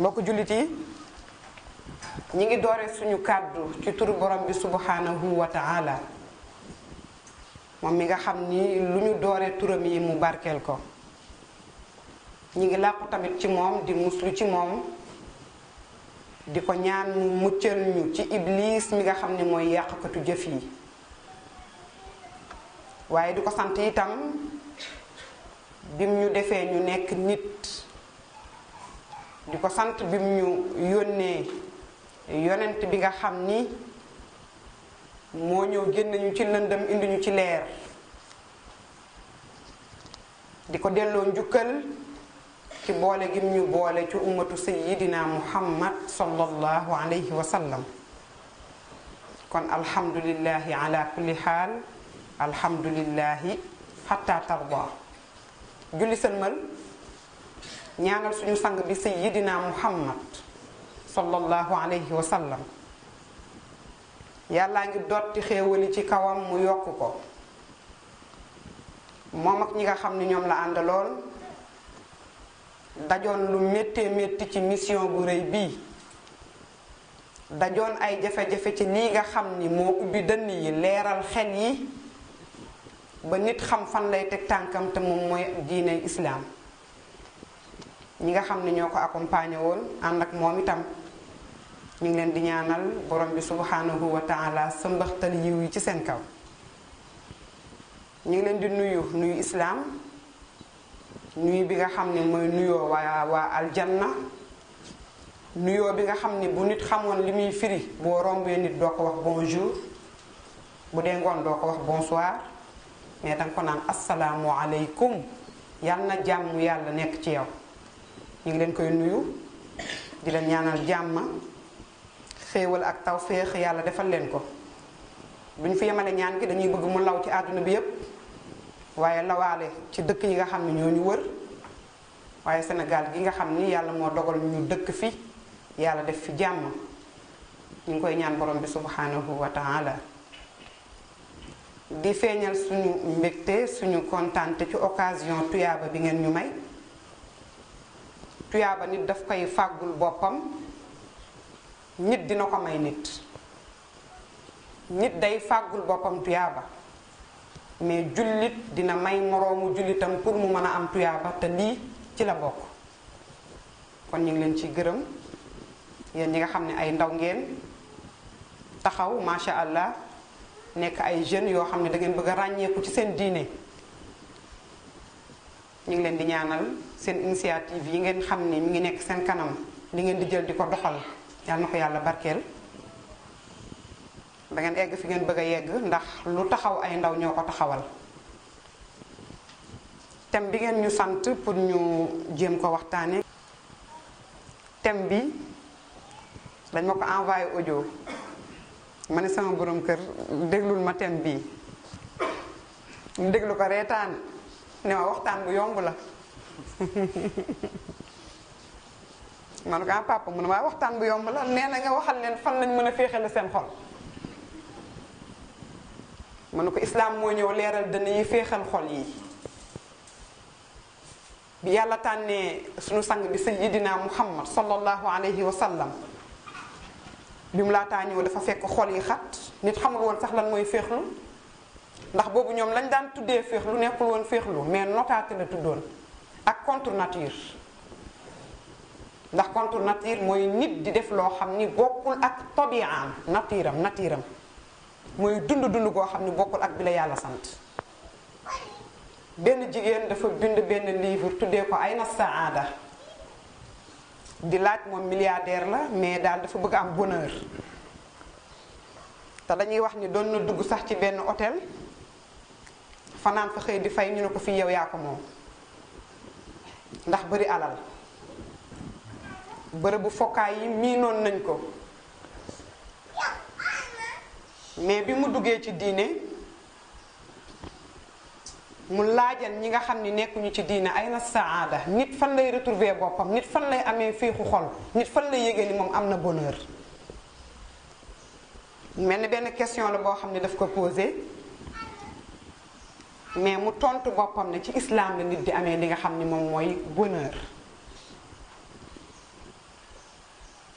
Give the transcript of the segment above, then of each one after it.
mbokk jullit yi ñi ngi doore suñu kàddu ci tur borom bi subhanahu wa moom mi nga xam ni lu ñu doore turam yi mu barkeel ko ñu ngi làqu tamit ci moom di muslu ci moom di ko ñaan mu muccal ñu ci iblis mi nga xam ni mooy yàqkatu jëf yi waaye di ko sant itam bim ñu defee ñu nekk nit di ko sant bi mu ñu yónnee yonent bi nga xam ni moo ñëw génn ñu ci lëndëm indi ñu ci leer di ko delloo njukkal ci boole gim ñu boole ci ummatu sayidina muhammad sallallahu alayhi wa sallam kon alhamdulillahi ala kulli xaal alhamdulillahi xatta tarda julli sëlmal ñaanal suñu sang bi sayyidina muhammad sallallahu alayhi wa sallam yàllaa ngi dotti xéewali ci kawam mu yokk ko moom ak ñi nga xam ni ñoom la àndaloon dajoon lu méttee métti ci mission bu rëy bii dajoon ay jafe-jafe ci lii nga xam ni moo ubbi dënn yi leeral xel yi ba nit xam fan lay teg tànkam te moom mooy diine islaam ñi nga xam ne ñoo ko accompagné woon ànd ak moom itam ñu ngi leen di ñaanal borom bi subhanahu wa taala sëmbaxtal yiw yi ci seen kaw ñu ngi leen di nuyu nuyu islaam nuyu bi nga xam ne mooy nuyoo waa waa aljanna nuyoo bi nga xam ne bu nit xamoon li muy firi boo rombee nit doo ko wax bonjour bu dee ngoon doo ko wax bonsoir mais danga ko naan asalaamu aleykum yal na jàmm yàlla nekk ci yow ñu ngi leen koy nuyu di leen ñaanal jàmm xéewal ak tawféex yàlla defal leen ko bu ñu fi yemale ñaan gi dañuy bëgg mu law ci àdduna bi yépp waaye lawaale ci dëkk yi nga xam ne ñoo ñu wër waaye senegal gi nga xam ni yàlla moo dogal ñu dëkk fi yàlla def fi jàmm ñu ngi koy ñaan borom bi subhanahu wa taala di feeñal suñu mbégte suñu kontaante ci occasion tuyaaba bi ngeen ñu may tuyaaba nit daf koy fàggul boppam nit dina ko may nit nit day fàggul boppam tuyaaba mais jullit dina may moroomu jullitam pour mu mën a am tuyaaba te lii ci la bokk kon ñu ngi leen ciy gërëm yéen ñi nga xam ne ay ndaw ngeen taxaw macha allah nekk ay jeunes yoo xam ne dangeen bëgg a ràññeeku ci seen diine ñu ngi leen di ñaanal seen initiative yi ngeen xam ni mi ngi nekk seen kanam li ngeen di jël di ko doxal yàlla na ko yàlla barkeel dangeen ngeen egg fi ngeen bëgg a yegg ndax lu taxaw ay ndaw ñoo ko taxawal thème bi ngeen ñu sant pour ñu jéem ko waxtaane thème bi dañ ma ko envoyé audio ma ne sama boroom kër déglul ma thème bii mu déglu ko reetaan ne ma waxtaan bu yomb la ma ne ko ah papa mu ne waaye waxtaan bu yomb la nee na nga waxal leen fan lañ mën a féexale seen xol ma ne ko islaam moo ñëw leeral dana yi féexal xol yi bi yàlla tànnee suñu sang bi sayyidina muhammad sallallahu alayhi wa sallam bi mu laataa ñëw dafa fekk xol yi xat nit xamul woon sax lan mooy féexlu ndax boobu ñoom lañ daan tuddee féexlu nekkul woon féexlu mais notaate la tuddoon ak contre nature ndax contre nature mooy nit di def loo xam ni bokkul ak tabi'am natiiram natiiram mooy dund dund goo xam ni bokkul ak bi la yàlla sant benn jigéen dafa bind benn livre tuddee ko ay na saada di laaj moom milliardaire la mais daal dafa bëgg am bonheur te dañuy wax ni doon na dugg sax ci benn otel fanaan fa xëy di fay ñu ne ko fii yow yaa ko moom ndax bari alal bërëbu fokkaay yi miinoon nañ ko mais bi mu duggee ci diine mu laajal ñi nga xam ni nekkuñu ci diine ay na saada nit fan lay retrouver boppam nit fan lay amee féexu xol nit fan lay yégee ni moom am na bonheur mel ni benn question la boo xam ne daf ko posé mais mu tontu boppam ne ci islaam la nit di amee li nga xam ni moom mooy bonheur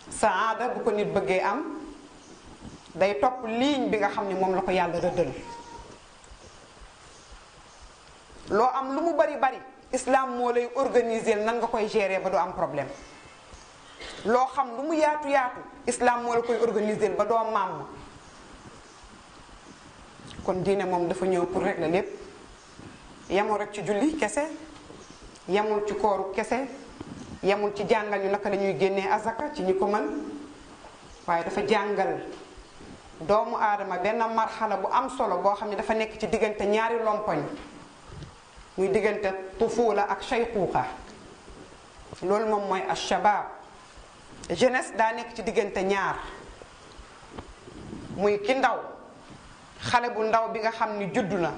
saada bu ko nit bëggee am day topp liiñ bi nga xam ni moom la ko yàlla rëddal loo am lu mu bari bari islam moo lay organiser nan nga koy gérer ba du am problème loo xam lu mu yaatu yaatu islaam moo la koy organiser ba doo màmm kon diine moom dafa ñëw pour la lépp yemul rek ci julli kese yamul ci kooru kese yamul ci jàngal ñu naka la ñuy génnee azaka ci ñi ko man waaye dafa jàngal doomu aadama benn marxala bu am solo boo xam ne dafa nekk ci diggante ñaari lompoñ muy diggante tufuula ak shayxuuqa loolu moom mooy ashabab genes daa nekk ci diggante ñaar muy ki ndaw xale bu ndaw bi nga xam ni juddu na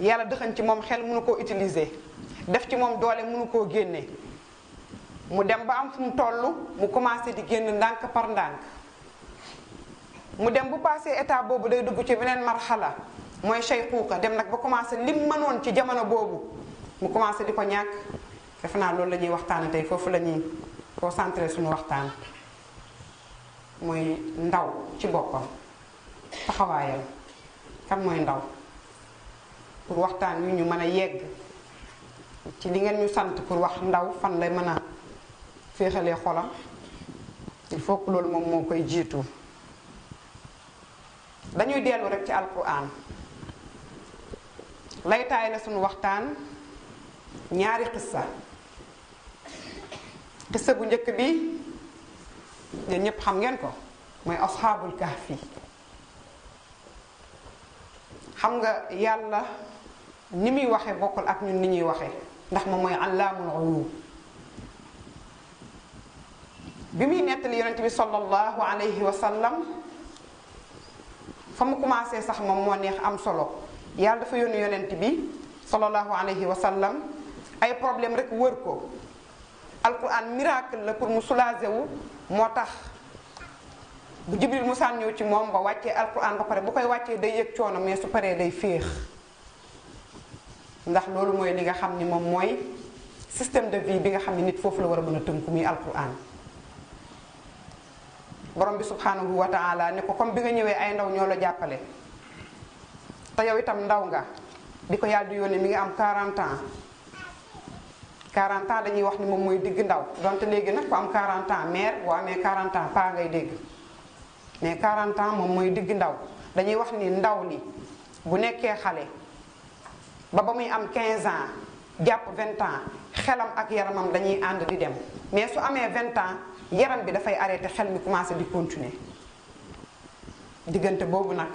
yàlla dëxañ ci moom xel munu koo utiliser def ci moom doole mënu koo génne mu dem ba am fu mu toll mu commencé di génn ndànk par ndànk mu dem bu passé état boobu day dugg ci beneen marxala mooy shayxuuqa dem nag ba commencé lim mënoon ci jamono boobu mu commencé di ko ñàkk def naa loolu la ñuy waxtaane tey foofu la ñuy concentré suñu waxtaan mooy ndaw ci boppam taxawaayam kan mooy ndaw pour waxtaan wi ñu mën a yegg ci li ngeen ñu sant pour wax ndaw fan lay mën a féexalee xolam il faut loolu moom moo koy jiitu dañuy dellu rek ci alquran lay taay la suñu waxtaan ñaari xissa xissa bu njëkk bi yéen ñépp xam ngeen ko mooy asxaabul kahfi xam nga yàlla ni muy waxee bokkul ak ñun ni ñuy waxee ndax moom mooy allaamul ulum bi muy nettali yonent bi sallallahu alayhi wa sallam fa mu commencé sax moom moo neex am solo yàlla dafa yónni yonent bi sallallahu alayhi wa sallam ay problème rek wër ko alquran miracle la pour mu soulager wu moo tax bu jibril musaan ñëw ci moom ba wàccee alquran ba pare bu koy wàccee day yëg coono mais su paree day féex ndax loolu mooy li nga xam ni moom mooy système de vie bi nga xam ni nit foofu la war a mën a tënku muy alquran borom bi subhanahu wa taala ne ko comme bi nga ñëwee ay ndaw ñoo la jàppale te yow itam ndaw nga di ko yàlla di yónnee mi nga am 40 ans 40 ans dañuy wax ni moom mooy digg ndaw donte léegi nag ko am 40 ans mère boo amee 40 ans paa ngay dégg mais 40 ans moom mooy digg ndaw dañuy wax ni ndaw li bu nekkee xale ba ba muy am 15 ans jàpp 20 ans xelam ak yaramam dañuy ànd di dem mais su amee 20 ans yaram bi dafay arrêté xel mi commencé di continuer diggante boobu nag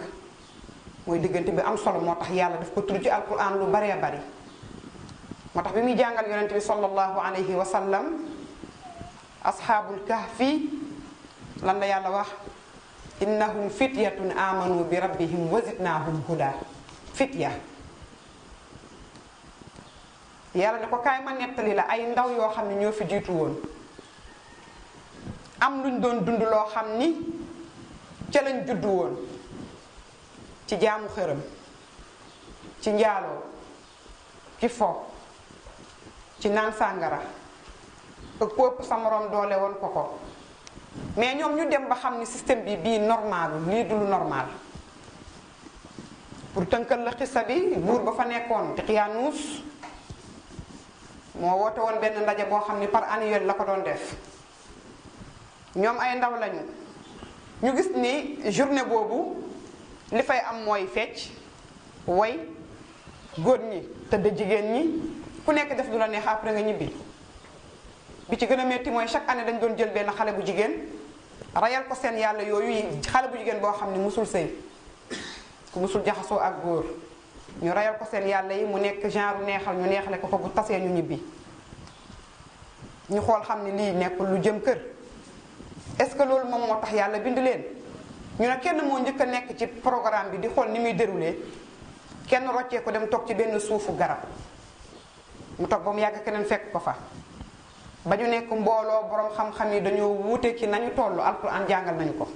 mooy diggante bi am solo moo tax yàlla def ko tudd ci alquran lu baree bari moo tax bi muy jàngal yonente bi sallallahu alayhi wa sallam asxaabul kahfi lan la yàlla wax innahum fityatun amanu bi rabbihim wa zidnahum huda fitya yàlla ne ko kaay ma nettali la ay ndaw yoo xam ne ñoo fi jiitu woon am luñ doon dund loo xam ni ca lañ juddu woon ci jaamu xërëm ci njaaloo ci fo ci naan sàngara ak képp sa moroom doole woon ko ko mais ñoom ñu dem ba xam ni système bi bii normal lii du lu normal pour tënkal la xisa bi buur ba fa nekkoon Daqyaanus moo woote woon benn ndaje boo xam ni par annuel la ko doon def ñoom ay ndaw lañu ñu gis ni journée boobu li fay am mooy fecc way góor ñi tëdd jigéen ñi ku nekk def du la neex après nga ñibbi bi ci gën a metti mooy chaque année dañ doon jël benn xale bu jigéen rayal ko seen yàlla yooyu xale bu jigéen boo xam ni mosul sëy ku musul jaxasoo ak góor ñu reyal ko seen yàlla yi mu nekk genre neexal ñu neexale ko ko bu tasee ñu ñibbi ñu xool xam ne lii nekkul lu jëm kër est-ce que loolu moom moo tax yàlla bind leen ñu ne kenn moo njëkk a nekk ci programme bi di xool ni muy déroulé kenn roccee ko dem toog ci benn suufu garab mu toog ba mu yàgg keneen fekk ko fa ba ñu nekk mbooloo borom xam-xam yi dañoo wuute ci nañu toll alxuraan jàngal nañu ko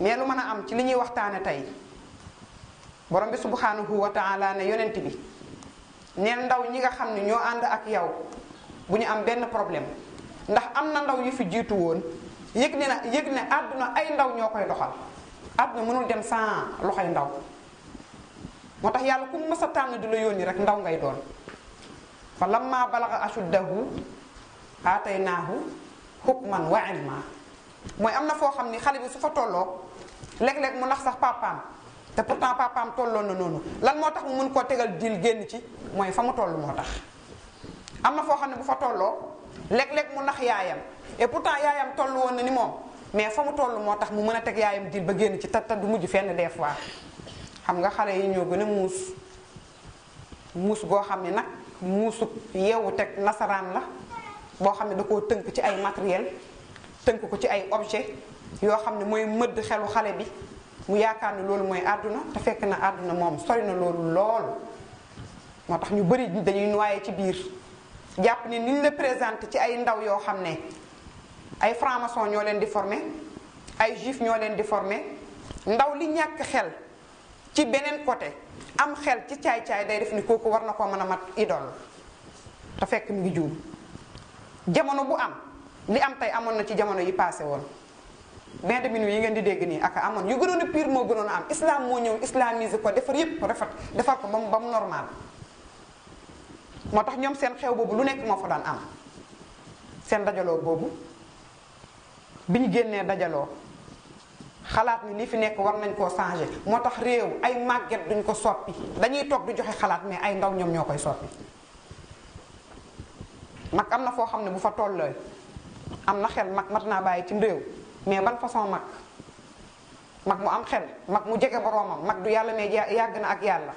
mais lu mën a am ci li ñuy waxtaane tey borom bi subhanahu wa taala ne yonent bi neen ndaw ñi nga xam ne ñoo ànd ak yow bu ñu am benn problème ndax am na ndaw yu fi jiitu woon yëg ne na yëg ne àdduna ay ndaw ñoo koy doxal àdduna mënul dem sans loxoy ndaw moo tax yàlla ku mës tànn di la yónni rek ndaw ngay doon fa lamma balaga ashuddahu aataynaahu hukman wa ilma mooy am na foo xam ni xale bi su fa tolloo léeg-léeg mu nax sax papaam te pourtant papaam tolloon na noonu lan moo tax mu mun koo tegal dil génn ci mooy fa mu toll moo tax am na foo xam ne bu fa tolloo léeg-léeg mu nax yaayam et pourtant yaayam toll woon na ni moom mais fa mu toll moo tax mu mën a teg yaayam dil ba génn ci te te du mujj fenn des fois xam nga xale yi ñoo gën a muus muus goo xam ne nag muusu yeewu teg nasaraan la boo xam ne da koo tënk ci ay matériel tënk ko ci ay objet yoo xam ne mooy mëdd xelu xale bi mu yaakaar ne loolu mooy àdduna te fekk na àdduna moom sori na loolu lool moo tax ñu bëri dañuy noyé ci biir jàpp ne niñ la présenté ci ay ndaw yoo xam ne ay franc ñoo leen di formé ay juif ñoo leen di formé ndaw li ñàkk xel ci beneen côté am xel ci caay-caay day def ni kooku war na koo mën a mat idole te fekk mu ngi juum jamono bu am li am tey amoon na ci jamono yi paase woon bain de minuit yi ngeen di dégg nii ak amoon yu gënoon a pire moo gënoon a am islam moo ñëw islamiser ko defar yëpp rafet defar ko ba mu ba mu moo tax ñoom seen xew boobu lu nekk moo fa daan am seen dajaloo boobu bi ñu génnee dajaloo xalaat ni li fi nekk war nañ koo changer moo tax réew ay màgget duñ ko soppi dañuy toog du joxe xalaat mais ay ndaw ñoom ñoo koy soppi mag am na foo xam ne bu fa tollooy am na xel mag mat naa bàyyi ci réew mais ban façon mag mag mu am xel mag mu jege boroomam mag du yàlla mais yàgg na ak yàlla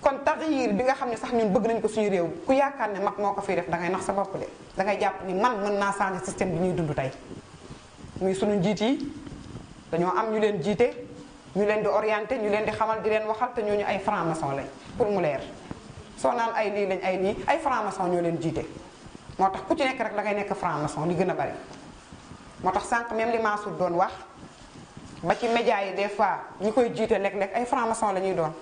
kon taxyir bi nga xam ne sax ñun bëgg nañ ko suñu réew ku yaakaar ne mag moo ko fiy def dangay nax sa bopp de dangay jàpp ni man mën naa changer système bi ñuy dund tey muy suñu njiit yi dañoo am ñu leen jiite ñu leen di orienté ñu leen di xamal di leen waxal te ñooñu ay franc lañ pour mu leer soo naan ay nii lañ ay nii ay franc ñoo leen jiite moo tax ku ci nekk rek da ngay nekk franc-maçon li gën a bari moo tax sànq même li Mansour doon wax ba ci média yi des fois ñi koy jiite léeg-léeg ay franc-maçon la ñuy doon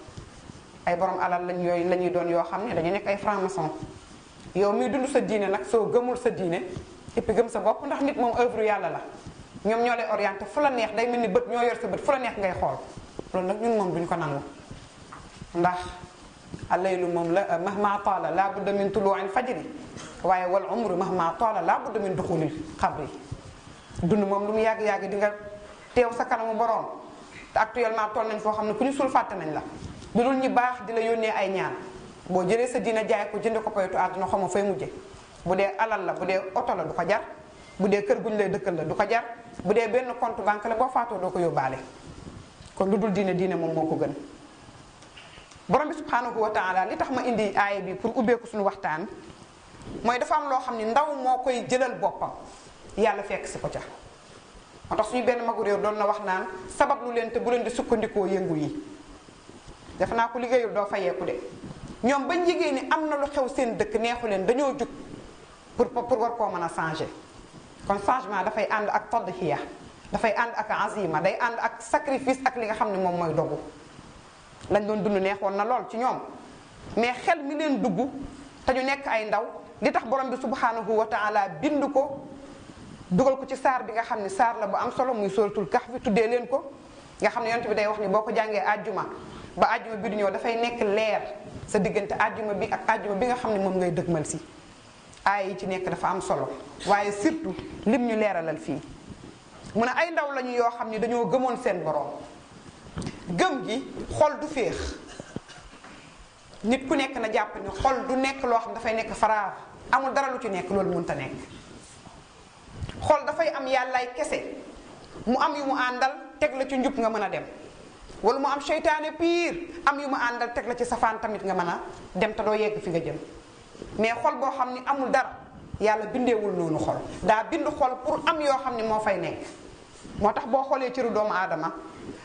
ay borom alal lañ yooyu la doon yoo xam ne dañu nekk ay franc-maçon yow miy dund sa diine nag soo gëmul sa diine et gëm sa bopp ndax nit moom œuvre yàlla la ñoom ñoo lay orienté fu la neex day mel ni bët ñoo yor sa bët fu la neex ngay xool loolu nag ñun moom duñ ko nangu ndax lu moom la euh, mahma taala laa budda min tuluu'il fajri waaye wal umru mahma taala laa budda min duxulil xabri dund moom lu mu yàgg yàgg di nga teew sa kanamu borom te actuellement toll nañ foo xam ne ku ñu suul fàtte nañ la lu dul ñi baax di la yónnee ay ñaan boo jëlee sa dina jaay ko jënd ko paytu àdduna xamoo fay mujje bu dee alal la bu dee oto la du ko jar bu dee kër guñ lay dëkkal la du ko jar bu dee benn compte banque la boo faatoo doo ko yóbbaale kon lu dul diine diine moom moo ko gën borom bi subhanahu wa taala li tax ma indi aaya bi pour ubbeeku suñu waxtaan mooy dafa am loo xam ne ndaw moo koy jëlal boppam yàlla fekk si ko ca moo tax suñu benn magu doon na wax naan sabab lu leen te bu leen di sukkandikoo yëngu yi def naa ko liggéeyul doo fayeeku de ñoom bañ jigéen ni am na lu xew seen dëkk neexu leen dañoo jug pour pour war koo mën a changer kon changement dafay ànd ak tadhiya dafay ànd ak azima day ànd ak sacrifice ak li nga xam ne moom mooy dogu lañ doon dund neexoon na lool ci ñoom mais xel mi leen dugg te ñu nekk ay ndaw li tax borom bi subhanahu wa taala bind ko dugal ko ci saar bi nga xam ne saar la bu am solo muy sóoratul kax bi tuddee leen ko nga xam ne yonent bi day wax ni boo ko jàngee àjjuma ba àjjuma bi du ñëw dafay nekk leer sa diggante àjjuma bi ak àjjuma bi nga xam ne moom ngay dëgmal si aay yi ci nekk dafa am solo waaye surtout lim ñu leeralal fii mu ne ay ndaw lañu yoo xam ni dañoo gëmoon seen borom gëm gi xol du féex nit ku nekk na jàpp ni xol du nekk loo xam dafay nekk faraar amul dara lu ci nekk loolu mënta nekk xol dafay am yàllaay kese mu am yu mu àndal teg la ci njub nga mën a dem wala mu am seytaane piir am yu mu àndal teg la ci safaan tamit nga mën a dem te doo yegg fi nga jëm mais xol boo xam ni amul dara yàlla bindeewul noonu xol daa bind xol pour am yoo xam ni moo fay nekk moo tax boo xoolee cëru doomu aadama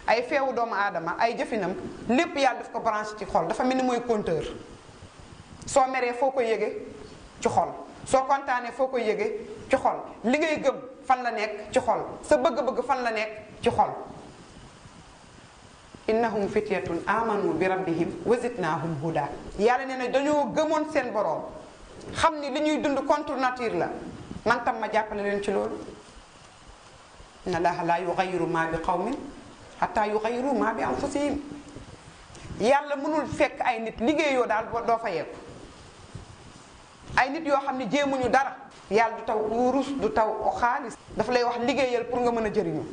ay feewu doomu aadama ay jëfinam lépp yàlla daf ko branché ci xol dafa mel ni mooy compteur soo meree foo ko yëge ci xol soo kontaanee foo koy yëgee ci xol li ngay gëm fan la nekk ci xol sa bëgg-bëgg fan la nekk ci xol innahum fityatun amanu bi rabbihim wa zidnahum huda yàlla nee na dañoo gëmoon seen boroom xam ni li ñuy dund contre nature la man tam ma jàppale leen ci loolu inna allaha la yugayiru ma bi xaw qawmin hatta yugayiru ma bi am anfusihim yàlla mënul fekk ay nit liggéeyoo daal doo fa yeeku ay nit yoo xam ne ñu dara yàlla du taw wurus du taw xaalis dafa lay wax liggéeyal pour nga mën a jariñu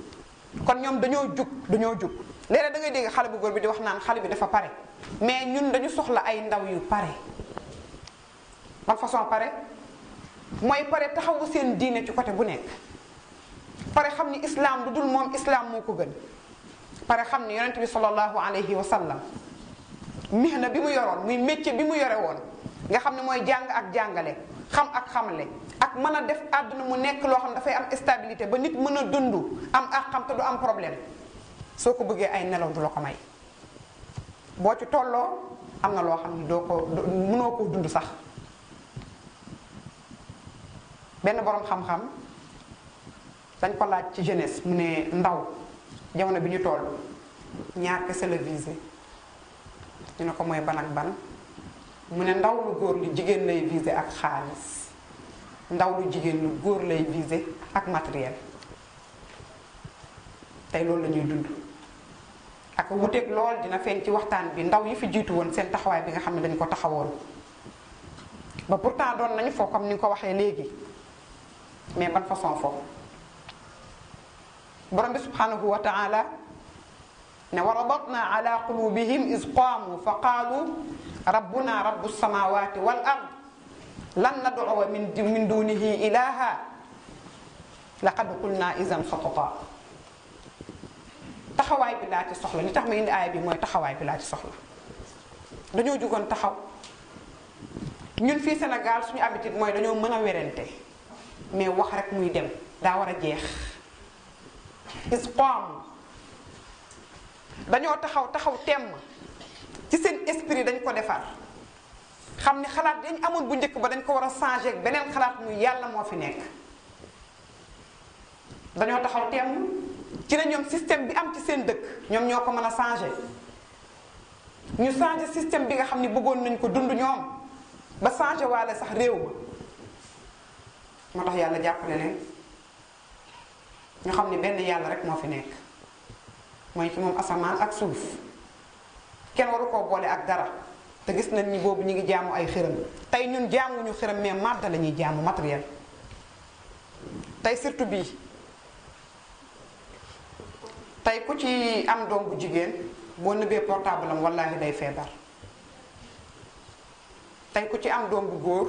kon ñoom dañoo jug dañoo jug léeg-léeg da ngay dégg xale bu góor bi di wax naan xale bi dafa pare mais ñun dañu soxla ay ndaw yu pare ban façon pare mooy pare taxawu seen diine ci côté bu nekk pare xam ni islaam lu dul moom islaam moo ko gën pare xam ni yonent bi sallallahu alayhi wa sallam mihna bi mu yoroon muy métier bi mu yore woon nga xam ne mooy jàng ak jàngale xam ak xamle ak mën a def àdduna mu nekk loo xam ne dafay am stabilité ba nit mën a dund am ak xam te du am problème soo ko bëggee ay nelaw du la ko may boo ci tolloo am na loo xam ne doo ko mënoo koo dund sax benn boroom xam-xam dañ ko laaj ci jeunesse mu ne ndaw jamono bi ñu toll ñaar kese la visé ñu ne ko mooy ban ak ban mu ne ndaw lu góor lu jigéen lay visé ak xaalis ndaw lu jigéen lu góor lay visé ak matériel tey loolu la ñuy dund ak wuteeg lool dina feeñ ci waxtaan bi ndaw yi fi jiitu woon seen taxawaay bi nga xam ne dañ ko taxawoon ba pourtant doon nañu foo comme ni nga ko waxee léegi mais ban façon foo borom bi subhanahu wa ne wa rabatna ala qulubihim is qaamu fa qaalu rabbuna rabbu samawati wal ard lan nad'uwa min min dunihi ilaha laqad qulna idan xatata taxawaay bi laa ci soxla li tax ma indi aaya bi mooy taxawaay bi laa ci soxla dañoo jugoon taxaw ñun fii Sénégal suñu habitude mooy dañoo mën a werante mais wax rek muy dem daa war a jeex is qaamu dañoo taxaw taxaw temm ci seen esprit dañ ko defar xam ni xalaat dañ amoon bu njëkk ba dañ ko war a changé beneen xalaat mu yàlla moo fi nekk dañoo taxaw temm ci ne ñoom système bi am ci seen dëkk ñoom ñoo ko mën a changé ñu changé système bi nga xam ni bëggoon nañ ko dund ñoom ba changé waale sax réew ma moo tax yàlla jàppale leen ñu xam ni benn yàlla rek moo fi nekk mooy ci moom asamaan ak suuf kenn waru koo boole ak dara te gis nañ ni boobu ñu ngi jaamu ay xërëm tey ñun jaamuñu xërëm mais màdd la ñuy jaamu matériel tey surtout bii tey ku ci am doom bu jigéen boo nëbbee portable am wallaahi day feebar tey ku ci am doom bu góor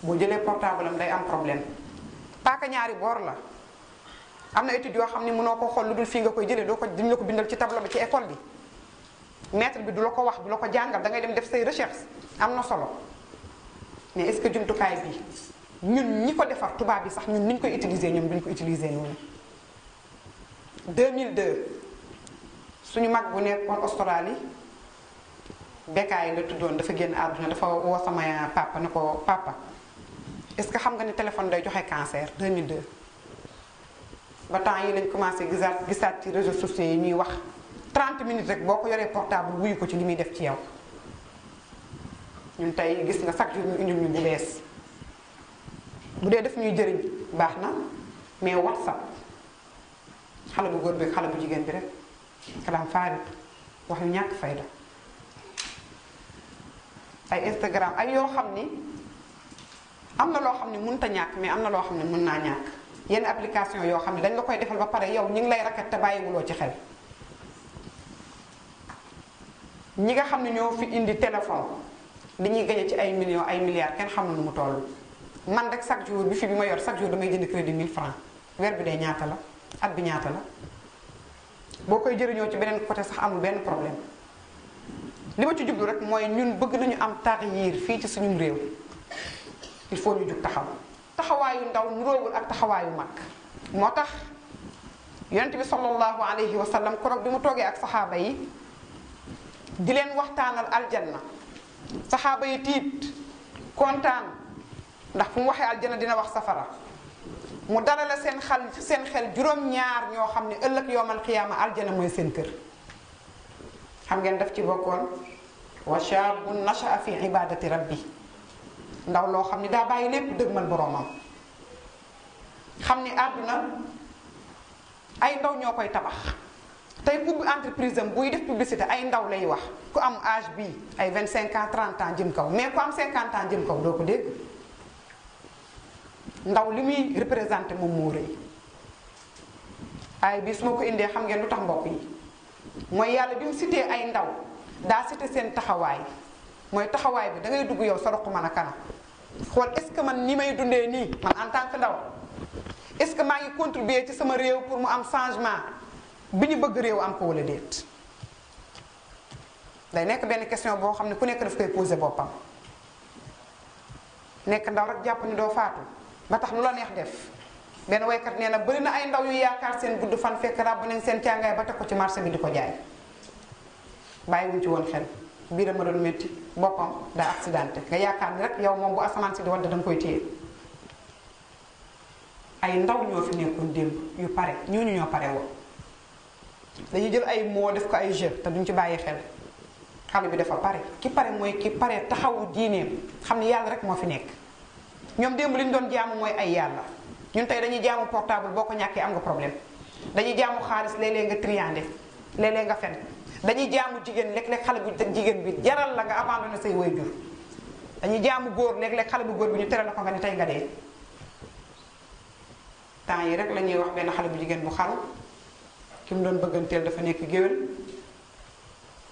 boo jëlee portable day am problème paaka ñaari boor la am na étude yoo xam ne mënoo ko xool lu dul fii nga koy jëlee doo ko duñ la ko bindal ci tableau bi ci école bi maître bi du la ko wax du la ko jàngal dangay ngay dem def say recherche am na solo mais est-ce que jumtukaay bi ñun ñi ko defar tubaab yi sax ñun niñ koy utiliser ñoom duñ ko utiliser noonu deux suñu mag bu nekkoon Australie bekkaay la tuddoon dafa génn àdduna dafa woo sama papa ne ko papa est-ce que xam nga ni téléphone day joxe cancer 2002. ba temps yi lañ commencé gisaat gisaat ci réseaux sociaux yi ñuy wax 30 minutes rek boo ko yoree portable wuyu ko ci li muy def ci yow ñun tey gis nga chaque jour ñu indil ñu bu bees bu dee def ñuy jëriñ baax na mais whatsapp xale bu góor bi xale bu jigéen bi rek kalaam faarit wax yu ñàkk fayda ay Instagram ay yoo xam ni am na loo xam ni mun ta ñàkk mais am na loo xam ni mun naa ñàkk. yenn application yoo xam ne dañ la koy defal ba pare yow ñi ngi lay rakat te bàyyiwuloo ci xel ñi nga xam ne ñoo fi indi téléphone li ñuy gañe ci ay millions ay milliards kenn xamul nu mu toll man rek chaque jour bi fi bi ma yor chaque jour damay jënd crédit 1000 francs weer bi day ñaata la at bi ñaata la boo koy jëriñoo ci beneen côté sax amul benn problème li ma ci jublu rek mooy ñun bëgg nañu am taxyiir fii ci suñu réew il faut ñu jug taxaw taxawaayu ndaw nuróowul ak taxawaayu mag moo tax yonent bi sallallahu alayhi wa sallam koroog bi mu toogee ak saxaaba yi di leen waxtaanal aljanna saxaaba yi tiit kontaan ndax fu mu waxee aljanna dina wax safara mu dalale seen xal seen xel juróom-ñaar ñoo xam ne ëllëg yoomal xiyaama aljana mooy seen kër xam ngeen def ci bokkoon wa shaabun nashaa fi ibadati rabbi ndaw loo xam ni daa bàyyi lépp dëgmal boroomam xam ni àdduna ay ndaw ñoo koy tabax tey ubbi entreprise am buy def publicité ay ndaw lay wax ku am âge bii ay vingt ans 30 jëm kaw mais ku am 50 ans jëm kaw doo ko dégg ndaw li muy représenté mu moo rëy ay bi su ma ko indee xam ngeen lu tax mbokk yi mooy yàlla bi mu cité ay ndaw daa cité seen taxawaay mooy taxawaay bi da ngay dugg yow sa roq mën a kanam xool est-ce que man ni may dundee nii man en tant que ndaw est-ce que maa ngi contribuer ci sama réew pour mu am changement bi ñu bëgg réew am ko wala déet day nekk benn question boo xam ne ku nekk daf koy poser boppam nekk ndaw rek jàpp ni doo faatu ba tax lu la neex def benn waykat nee na bëri na ay ndaw yu yaakaar seen gudd fan fekk ràbb nañ seen càngaay ba teg ko ci marché bi di ko jaay bàyyi wuñ ci woon xel biiram a doon métti boppam daa accidenté nga yaakaar ni rek yow moom bu asamaan si di wadd da nga koy téye ay ndaw ñoo fi nekkoon démb yu pare ñooñu ñoo pare woon dañuy jël ay moo def ko ay jeu te duñ ci bàyyi xel xale bi dafa pare ki pare mooy ki pare taxawu diineem xam ne yàlla rek moo fi nekk ñoom démb li ñu doon jaamu mooy ay yàlla ñun tey dañuy jaamu portable boo ko ñàkkee am nga problème dañuy jaamu xaalis léeg nga triandé léeg-léeg nga fen dañuy jaamu jigéen léeg-léeg xale bu jigéen bi jaral la nga abandonné say waajur dañuy jaamu góor léeg-léeg xale bu góor bi ñu tere la ko nga ne tey nga dee temps yi rek lañuy wax benn xale bu jigéen bu xaru ki mu doon bëgganteel dafa nekk géwél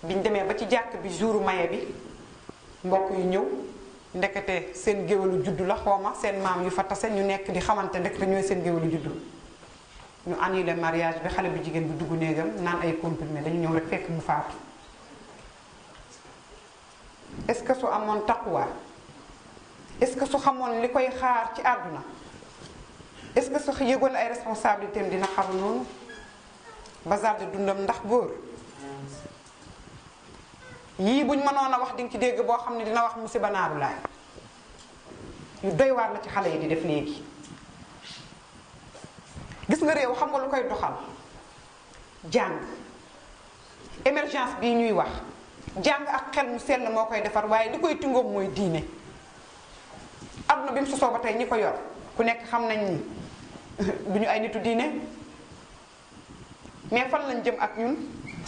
biñ demee ba ci jàkk bi jouru maye bi mbokk yu ñëw ndekete seen géwélu juddu la xooma seen maam yu fa tase ñu nekk di xamante ndekete ñooy seen géwélu juddu ñu annulé mariage bi xale bu jigéen bi dugg néegam naan ay comprimé dañu ñëw rek fekk mu faatu est-ce que su amoon taqwa est-ce que su xamoon li koy xaar ci àdduna est-ce que su yëgoon ay responsabilités dina xaru noonu bazar de dundam ndax góor yii buñ mënoon a wax di nga ci dégg boo xam ne dina wax musiba naaru laay yu doy waar la ci xale yi di def néegi gis nga réew xam nga lu koy doxal jàng émergence bii ñuy wax jàng ak xel mu sell moo koy defar waaye li koy tingoom mooy diine adduna bi mu sosoo ba tey ñi ko yor ku nekk xam nañ ni du ñu ay nitu diine mais fan lañ jëm ak ñun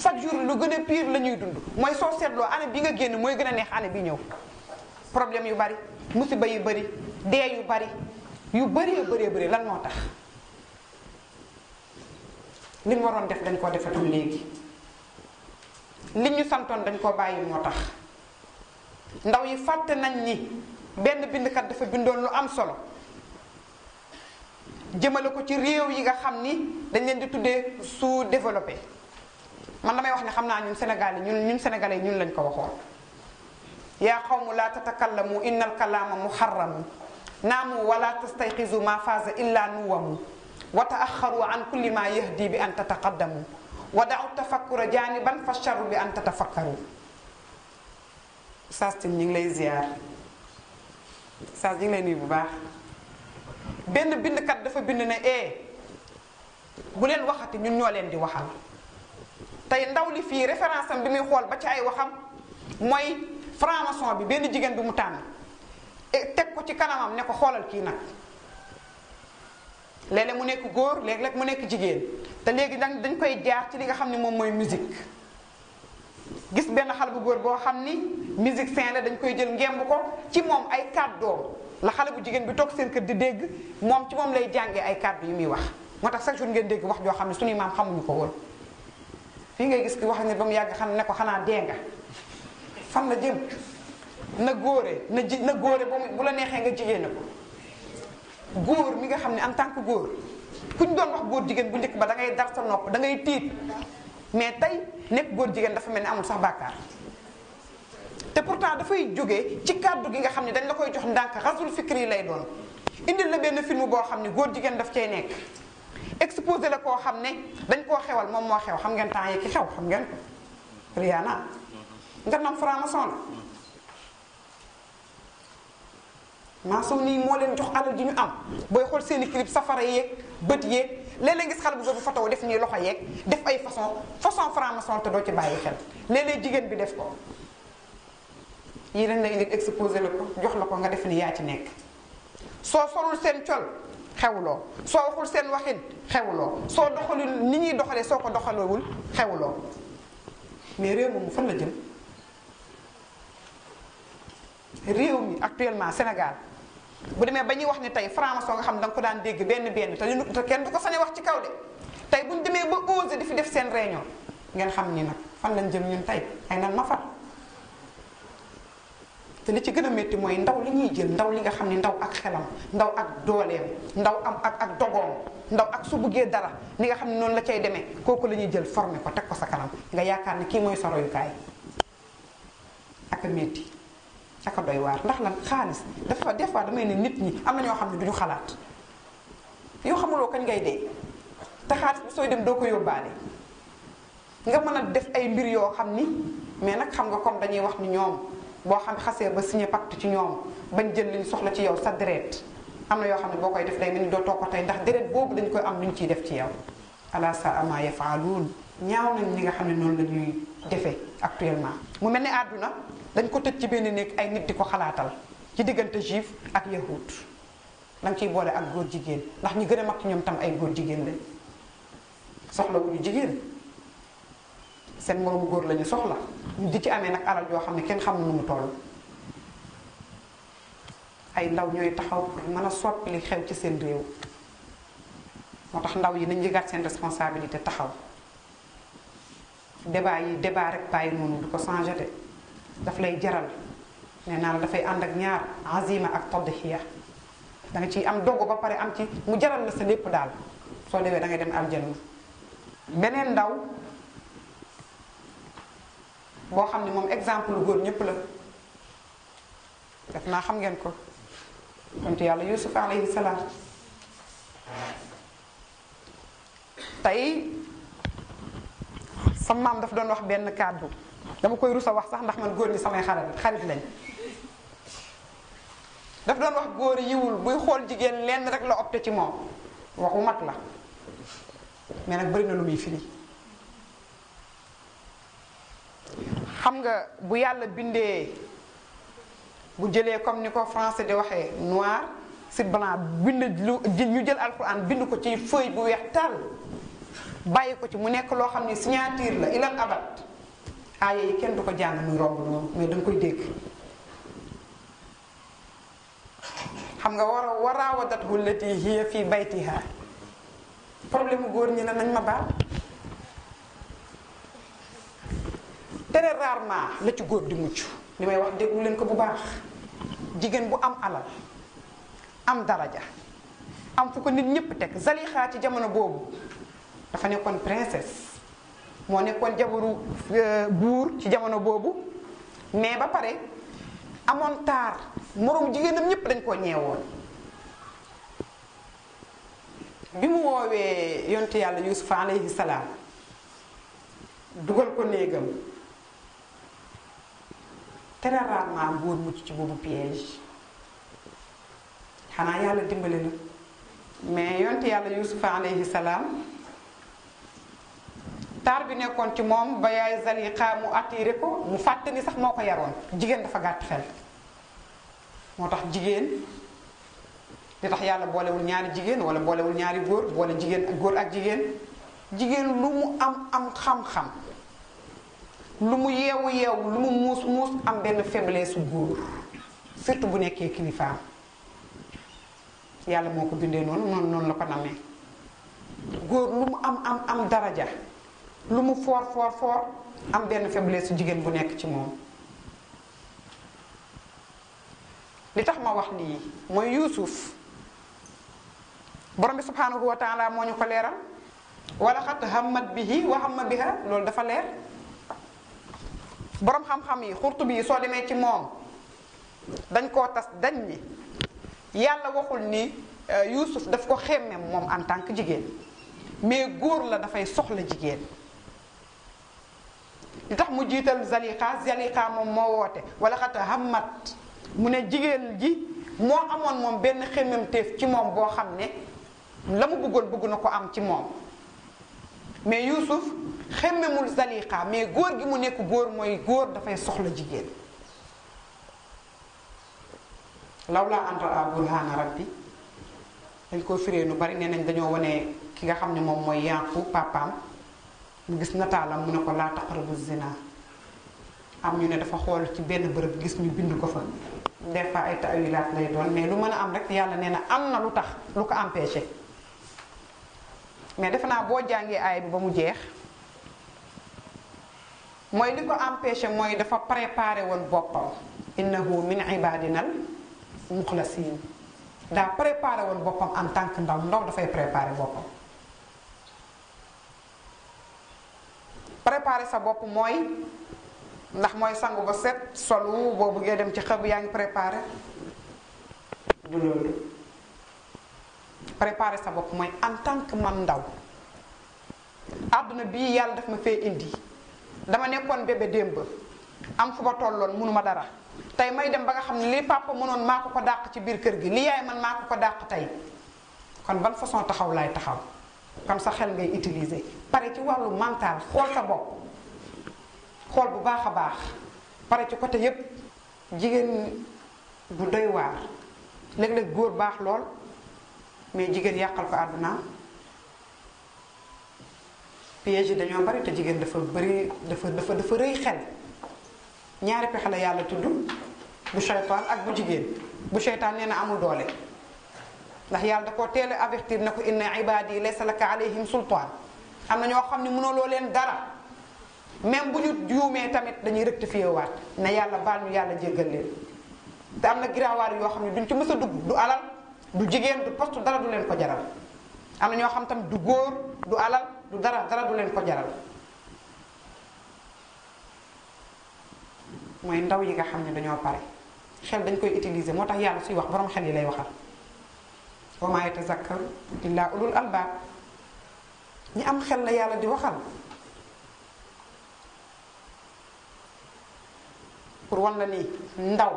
chaque jour lu gën a piir la ñuy dund mooy soo seetloo année bi nga génn mooy gën a neex année bi ñëw problème yu bari musiba yu bari dee yu bari yu bëree bëree bëri lan moo tax li waroon def dañ koo defatul léegi li ñu santoon dañ koo bàyyi moo tax ndaw yi fàtte nañ ni benn bindkat dafa bindoon lu am solo jëmale ko ci réew yi nga xam ni dañ leen di tuddee sous-développé man damay wax ne xam naa ñun Sénégal yi ñun ñun sénégalais ñun lañ ko waxoon yaa xaw mu laa tatakallamu innal kalaama muharramu naamu wala tastayqizu ma faaza illa nuwamu wa taaxaru an kulli ma yahdi bi an tataqaddamu wa daaw tafakkura jaaniban fa charu bi an tatafakkaru sastin ñu ngi lay ziar sas ñu ngi lay nuyu bu baax benn bindkat dafa bind ne ee eh, bu leen waxati ñun ñoo leen di waxal tey ndaw li fii référence am bi muy xool ba ci ay waxam mooy franc-maçon bi benn jigéen bi mu tànn eh, teg ko ci kanamam ne ko xoolal kii nag léeg mu nekk góor léeg-léeg mu nekk jigéen te léegi dañ dañ koy jaar ci li nga xam ne moom mooy musique gis benn xale bu góor boo xam ni musique sain la dañ koy jël ngemb ko ci moom ay doom la xale bu jigéen bi toog seen kër di dégg moom ci moom lay jàngee ay kàddu yu muy wax moo tax chaque jour ngeen dégg wax joo xam ne suñuy maam xamuñu ko woon fii ngay gis ki wax ne ba mu yàgg xam ne ko xanaa dee nga fan la jëm na góore na ji na góore bu neexee nga jigéen ko góor mi nga xam ne en tant que góor ku ñu doon wax góor jigéen bu njëkk ba da ngay dar sa nopp da ngay tiit mais tey nekk góor jigéen dafa mel ni amul sax bàkkaar te pourtant dafay jóge ci kàddu gi nga xam ne dañ la koy jox ndànk rasul fikri yi lay doon indil la benn film boo xam ne góor jigéen daf cee nekk exposé la koo xam ne dañ koo xewal moom moo xew xam ngeen temps yi ki xew xam ngeen ko Rihanna nga nam franc la maasum nii moo leen jox alal ji ñu am booy xool seeni i clip safara yeeg bët yeeg léeg-léeg gis xale bu bu fataw def nii loxo yeeg def ay façon façon franc-maçon te doo ci bàyyi xel léeg-léeg jigéen bi def ko yi dañ lay indi exposé la ko jox la ko nga def ni yaa ci nekk soo solul seen col xewloo soo waxul seen waxin xewloo soo doxalul ni ñuy doxalee soo ko doxalewul xewloo mais réew moomu fan la jëm réew mi actuellement Sénégal bu demee ba ñuy wax ne tey franc soo nga xam ne da ko daan dégg benn benn te ñu te kenn du ko sañ a wax ci kaw de tey bu ñu demee ba osé di fi def seen réunion ngeen xam ni nag fan lañ jëm ñun tey ay nan ma fan. te ci gën a métti mooy ndaw li ñuy jël ndaw li nga xam ni ndaw ak xelam ndaw ak dooleem ndaw am ak ak dogoom ndaw ak su buggee dara ni nga xam ne noonu la cay demee kooku la ñuy jël formé ko teg ko sa kanam nga yaakaar ne kii mooy sa royukaay ak métti. aka doy waar ndax lan xaalis dafa des fois damay ne nit ñi am na ñoo xam ne duñu xalaat yoo xamuloo kañ ngay dee te xaalis bi sooy dem doo ko yóbbaale nga mën a def ay mbir yoo xam ni mais nag xam nga comme dañuy wax ni ñoom boo xam xasee ba signé pacte ci ñoom bañ jël liñ soxla ci yow sa deret am na yoo xam ne boo koy def day mel ni doo toog tey ndax deret boobu dañ koy am lu ciy def ci yow. ala sa ama yafaaluun ñaaw nañ ñi nga xam ne noonu la ñuy defee actuellement mu mel ne àdduna dañ ko tëj ci benn néeg ay nit di ko xalaatal ci diggante juif ak yahud danga ciy boole ak góor jigéen ndax ñi gën a mag ci ñoom tam ay góor jigéen lañ soxlawuñu jigéen seen moroomu góor lañu soxla ñu di ci amee nag alal yoo xam ne kenn xam nu mu toll ay ndaw ñooy taxaw pour mën a soppi xew ci seen réew moo tax ndaw yi nañ yëgaat seen responsabilité taxaw débat yi débat rek bàyyi noonu du ko changé daf lay jaral nee naa la dafay ànd ak ñaar azima ak tadhiya da nga ciy am dogu ba pare am ci mu jaral la sa lépp daal soo dewee da dem dem aljanna beneen ndaw boo xam ne moom exemple góor ñépp la def naa xam ngeen ko konti yàlla yusuf alayhi salaam tey sa maam daf doon wax benn kàddu dama koy rus a wax sax ndax man góor ñi samay xarit xarit lañ daf doon wax góor yiwul buy xool jigéen lenn rek la opté ci moom waxu mag la mais nag bëri na lu muy firi xam nga bu yàlla bindee bu jëlee comme ni ko français di waxee noir sur blanc bind lu ñu jël alquran bind ko ci feuille bu weex tàll bàyyi ko ci mu nekk loo xam ne signature la ilal abat aaya yi kenn du ko jàng muy romb noonu mais danga koy dégg xam nga war a waraawadathu llati hiya fii baytiha problème góor ñi la nañ ma baal très rarement la ci góor di mucc li may wax déglu leen ko bu baax jigéen bu am alal am daraja am fu ko nit ñëpp teg Zalixa ci jamono boobu dafa nekkoon princesse moo nekkoon jabaru euh, buur ci jamono boobu mais ba pare amoon taar moroom jigéenam ñëpp dañ koo ñeewoon bi mu woowee yonte yàlla yuusufa alayhi salaam dugal ko néegam très rarement góor mucc ci boobu piège xanaa yàlla dimbale na mais yonte yàlla yuusufa alayhi salaam taar bi nekkoon ci moom ba yaay Zalixa mu attiré ko mu fàtte sax moo ko yaroon jigéen dafa gàtt xel moo tax jigéen li tax yàlla boolewul ñaari jigéen wala boolewul ñaari góor boole jigéen góor ak jigéen jigéen lu mu am am xam-xam lu mu yeewu yeewu lu mu muus muus am benn faiblesse góor surtout bu nekkee kilifaam yàlla moo ko bindee noonu noonu noonu la ko namee góor lu mu am am am daraja lu mu foor foor foor am benn faiblesse jigéen bu nekk ci moom li tax ma wax lii mooy yuusuf borom bi subhaanahu wa taala moo ñu ko leeral walla xat hammat bihi wa hamma biha loolu dafa leer borom xam-xam yi xurtu bi soo demee ci moom dañ koo tas dañ ni yàlla waxul ni euh, yuusuf daf ko xemmem moom en tant que jigéen mais góor la dafay soxla jigéen li tax mu jiital Zalixa Zalixa moom moo woote wala xat hammat mu ne jigéen ji moo amoon moom benn xemmemteef ci moom boo xam ne la mu bëggoon bëgg na ko am ci moom mais Yuusuf xemmemul Zalixa mais góor gi mu nekk góor mooy góor dafay soxla jigéen law laa anta a burhaana dañ koo firee nu bari nee nañ dañoo wane ki nga xam ne moom mooy yàqu papaam mu gis nataalam mu ne ko laa taqrabu zina am ñu ne dafa xool ci benn bërëb gis ñu bind ko fa des fois ay taawilaat lay doon mais lu mën a am rek yàlla nee na am na lu tax lu ko empêché mais defe naa boo jàngee aay bi ba mu jeex mooy li ko empêché mooy dafa préparé woon boppam innahu min la muxlasin daa préparé woon boppam en tant que ndaw ndaw dafay préparé boppam préparer sa bopp mooy ndax mooy sangu ba set solu boo bëggee dem ci xëb yaa ngi préparé du loolu préparer sa bopp mooy en tant que man ndaw àdduna bii yàlla daf ma fee indi dama nekkoon bébé démb am fu ma tolloon mënuma dara tey may dem ba nga xam ne li papa mënoon maa ko ko dàq ci biir kër gi li yaay man maa ko ko dàq tey kon ban façon taxaw laay taxaw kon sa xel ngay utiliser pare ci wàllu mental xool sa bopp xool bu baax a baax pare ci côté yépp jigéen bu doy waar léeg-léeg góor baax lool mais jigéen yàqal ko àdduna piège yi dañoo bari te jigéen dafa bari dafa dafa dafa rëy xel ñaari pexe la yàlla tudd bu seytaan ak bu jigéen bu seytaan nee na amul doole ndax yàlla da koo teel a avertir ne ko inna ibadi laysa laka alayhim sultaan am na ñoo xam ne mënuloo leen dara même bu ñu juumee tamit dañuy rectifié waat ne yàlla baal ñu yàlla jéggal leen te am na giraawaar yoo xam ne duñ ci mës a dugg du alal du jigéen du poste dara du leen ko jaral am na ñoo xam tamit du góor du alal du dara dara du leen ko jaral mooy ndaw yi nga xam ne dañoo pare xel dañ koy utiliser moo tax yàlla suy wax borom xel yi lay waxal wa maa yatazakkaru illaa ulul albaab ñi am xel la yàlla di waxal pour wan la ni ndaw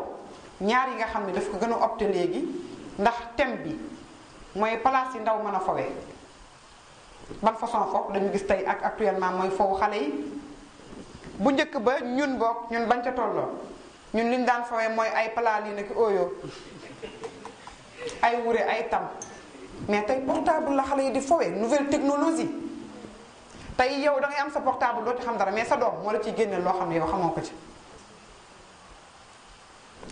ñaar yi nga xam ne daf ko gën a opté léegi ndax thème bi mooy place yi ndaw mën a fowee ban façon fo dañu gis tey ak actuellement mooy foofu xale yi bu njëkk ba ñun boog ñun bañ ca tolloo ñun liñ daan fowee mooy ay palaal yi nekk ooyo ay wure ay tam mais tey portable la xale yi di fowee nouvelle technologie tey yow da am sa portable loo ci xam dara mais sa doom moo la ciy génneel loo xam ne yow xamoo ko ci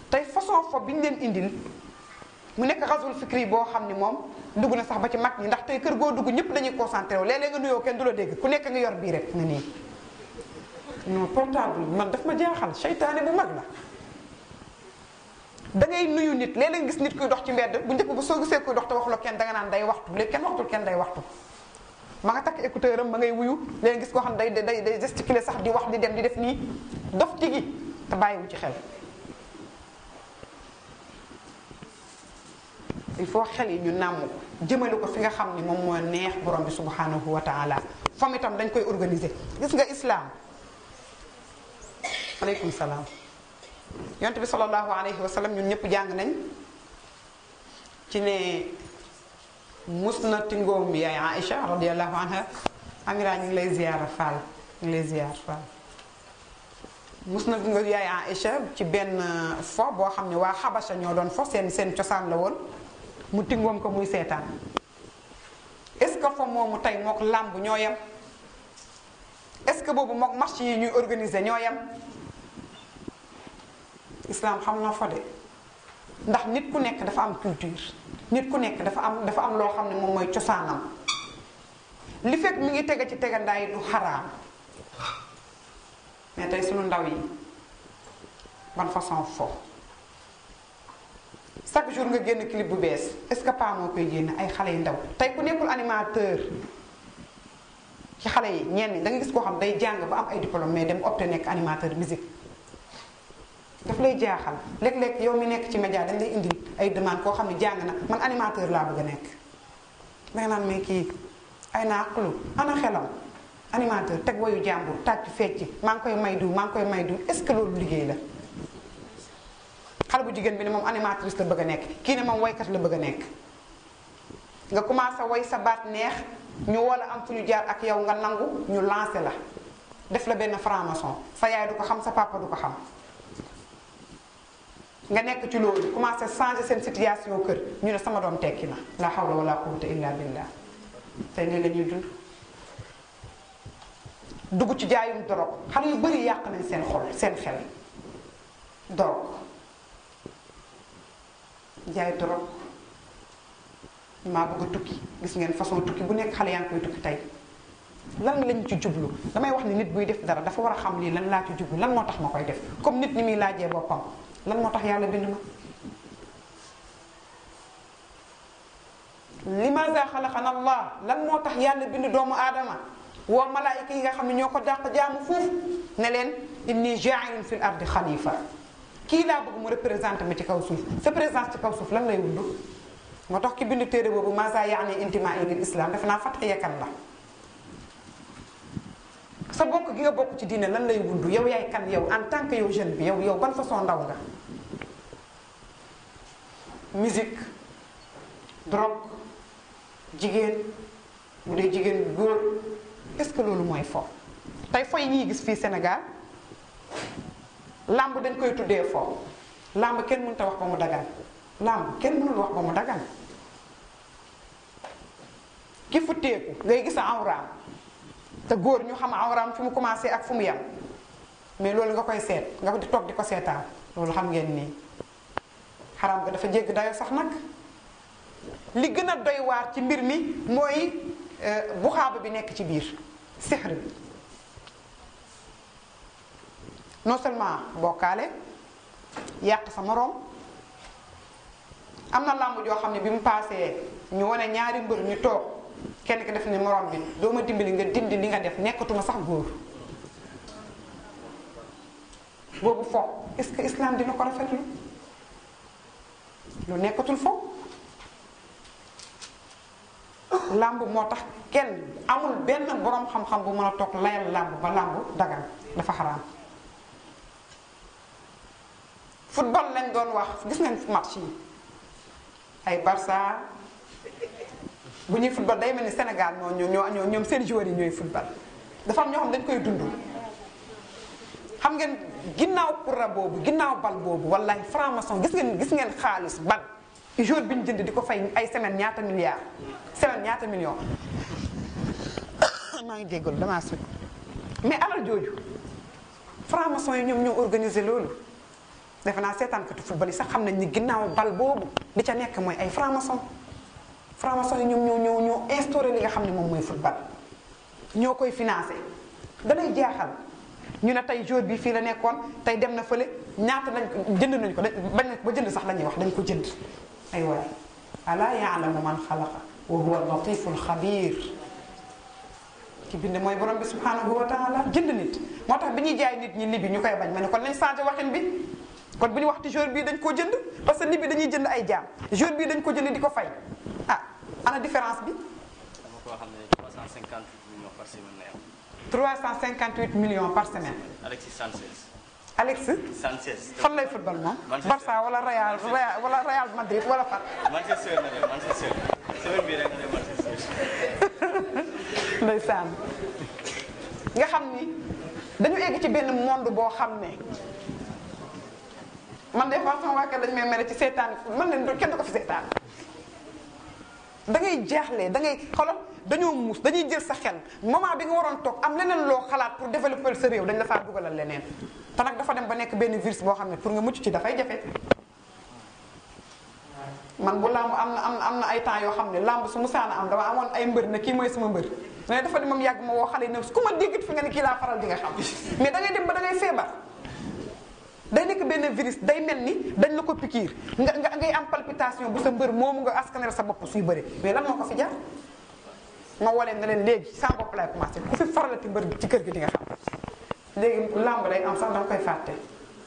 tey façon fo bi ñu leen indil mu nekk rasul fikri boo xam ni moom dugg na sax ba ci mag ñi ndax tey kër goo dugg ñëpp dañuy concentré wu léeg-léeg nga nuyoo kenn du la dégg ku nekk nga yor bii rek nga nii non portable man daf ma jaaxal seytaane bu mag la dangay ngay nuyu nit léeg-léeg gis nit kuy dox ci mbedd bu njëkk ba soo gisee kuy dox te waxuloo kenn danga naan day waxtu léegi kenn waxtul kenn day waxtu ma nga takk écouteur am ma ngay wuyu léeg gis koo xam day day day gesticuler sax di wax di dem di def nii dof tigi te bàyyiwu ci xel il faut xel yi ñu nàmm ko ko fi nga xam ni moom moo neex borom bi subhanahu wa taala fam itam dañ koy organiser gis nga islaam aleykum salaam yonent bi sallallahu alayhi wa sallam ñun ñëpp jàng nañ ci ne mus na tingoom yaay Aïcha radiyallahu anha amira ñu ngi lay ziyaara Fall ñu ngi lay ziyaar Fall mus na nga yaay Aïcha ci benn uh, fo boo xam ne waa xabasa ñoo doon fo seen seen cosaan la woon mu tingoom ko muy seetaan est-ce que fo moomu tey mook làmb ñoo yam est-ce que boobu mook marché yi ñuy organise ñoo yam islam xam na fa de ndax nit ku nekk dafa am culture nit ku nekk dafa am dafa am loo xam ne moom mooy cosaanam li fekk mi ngi tege ci tegandaay du xaraam mais tey sunu ndaw yi ban façon foofu chaque jour nga génn clip bu bees est que pas moo koy génn ay xale yu ndaw tey ku nekkul animateur ci xale yi ñenn da nga gis koo xam day jàng ba am ay diplôme mais dem opté nekk animateur musique lay jaaxal léeg-léeg yow mi nekk ci média dañ indi ay demande koo xam ne jàng na man animateur laa bëgg a nekk danga naan mais kii ay naa xlu ana xelam animateur teg wayu jàmbur tàcc fecc maa ngi koy may diw maa ngi koy may diw est ce que loolu liggéey la xale bu jigéen bi ne moom animatrice la bëgg a nekk kii ne moom waykat la bëgg a nekk nga commencé woy sa baat neex ñu wala am fu ñu jaar ak yow nga nangu ñu lancé la def la benn franc-maçon sa ko xam sa papa du nga nekk ci loolu commencé changer seen situation kër ñu ne sama doom tekki na la hawla wala quwwata illa billah tey lii la ñuy dund dugg ci jaayum dorog xale yu bari yàq nañ seen xol seen xel dorog jaay dorog maa bëgg a tukki gis ngeen façon tukki bu nekk xale yaa ngi koy tukki tey lan lañ ci jublu damay wax ni nit buy def dara dafa war a xam lii lan laa ci jublu lan moo tax ma koy def comme nit ni muy laajee boppam lan moo tax yàlla bind ma limaza xalaqana allah lan moo tax yàlla bind doomu aadama woo malaayika yi nga xam ne ñoo ko dàq jaamu foofu ne leen inni jaa'ilun fil ardi xalifa kii laa bëgg mu représenté ma ci kaw suuf sa présence ci kaw suuf lan lay wund moo tax ki bind téere boobu maza yaani intimaa ilal islam defe naa fatx yekkan la sa bokk gi nga bokk ci diine lan lay wund yow yaay kan yow en tant que yow bi yow yow ban façon ndaw nga musique drogue jigéen mu dee jigéen góor est-ce que loolu mooy fo tey fo yi ñuy gis fii Sénégal làmb dañ koy tuddee fo làmb kenn mënut a wax ba mu dagan làmb kenn mënul wax ba mu dagan ki futteeku ngay gis a awraam te góor ñu xam awraam fi mu commencé ak fu mu yem mais loolu nga koy seet nga ko di toog di ko seetaan loolu xam ngeen nii xaram ga dafa jégg dayo sax nag li gën a doy waar ci mbir mi mooy euh, buxaaba bi nekk ci biir sixr bi non seulement bokkaale yàq sa moroom am na làmb joo xam ne bi mu paasee ñu wane ñaari mbër ñu toog kenn ki def ni morom bi dooma ma dimbali nga dindi li nga def nekkatuma sax góor boobu fo est-ce que dina ko rafetlu lu nekkatul fo làmb moo tax kenn amul benn boroom xam-xam bu mën a toog layal làmb ba làmb dagan dafa xaraam football lañ doon wax gis ngeen match yi ay Barça bu ñuy football day mel ni Sénégal ñoo ñoo ñoo ñoom seen joueurs yi ñooy football dafa am ñoo xam dañ koy dund. xam ngeen ginnaaw kura boobu ginnaaw bal boobu wallahi franc-maçon gis ngeen gis ngeen xaalis ban jour bi ñu jënd di ko fay ay semaine ñaata milliards semaine ñaata million maa ngi jégalu damaa sut mais alal jooju franc-maçon yi ñoom ñoo organisé loolu. def naa seetaankatu football yi sax xam nañ ni ginnaaw bal boobu di ca nekk mooy ay franc-maçon franc-maçon yi ñoom ñoo ñoo ñoo instauré li nga xam ne moom mooy football ñoo koy financé danay jaaxal ñu ne tey jour bi fii la nekkoon tey dem na fële ñaata lañ jënd nañ ko bañ na ba jënd sax la ñuy wax dañ ko jënd ay waay alaa yaalamu man xalaqa wa huwa latiful xabiir ki bind mooy borom bi subhanahu wa taala jënd nit tax bi ñuy jaay nit ñi libi ñu koy bañ ma ne kon nañ changé waxin bi kon bu ñu waxti jour bi dañ koo jënd parce que libi dañuy jënd ay jaam jour bi dañ ko jënd di ko fay ana différence bi. dama ko waxal ne 358 millions par semaine lay am. 358 millions par semaine. Alexis Sanchez. Alexis. fan lay football moom. Barça wala Real wala Real Madrid wala fan. Manchester la Manchester. semaine bii rek Manchester. ndeysaan nga xam ni dañu egg ci benn monde boo xam ne. man des fois sama waa kër dañu may mere ci seetaan man leen kenn du ko fi seetaan. da ngay jaaxle da ngay xoolal dañoo muus dañuy jël sa xel moment bi nga waroon toog am leneen loo xalaat pour développer sa réew dañ la faa dugalal leneen te nag dafa dem ba nekk benn virus boo xam ne pour nga mucc ci dafay jafe. man bu làmb am na am na am na ay temps yoo xam ne làmb su musaana am dama amoon ay mbër ne kii mooy sama mbër mais dafa di moom yàgg ma woo xale yi ne ku ma déggit fi nga ne kii laa faral di nga xam mais da dem ba da ngay day nekk benn virus day mel ni dañ la ko pikiir nga nga ngay am palpitation bu sa mbër moomu nga askanal sa bopp suy bëre mais lan moo ko fi jar ma walee na leen léegi sa bopp laay commencé ku fi faralati mbër ci kër gi di nga xam léegi làmb lay am sax danga koy fàtte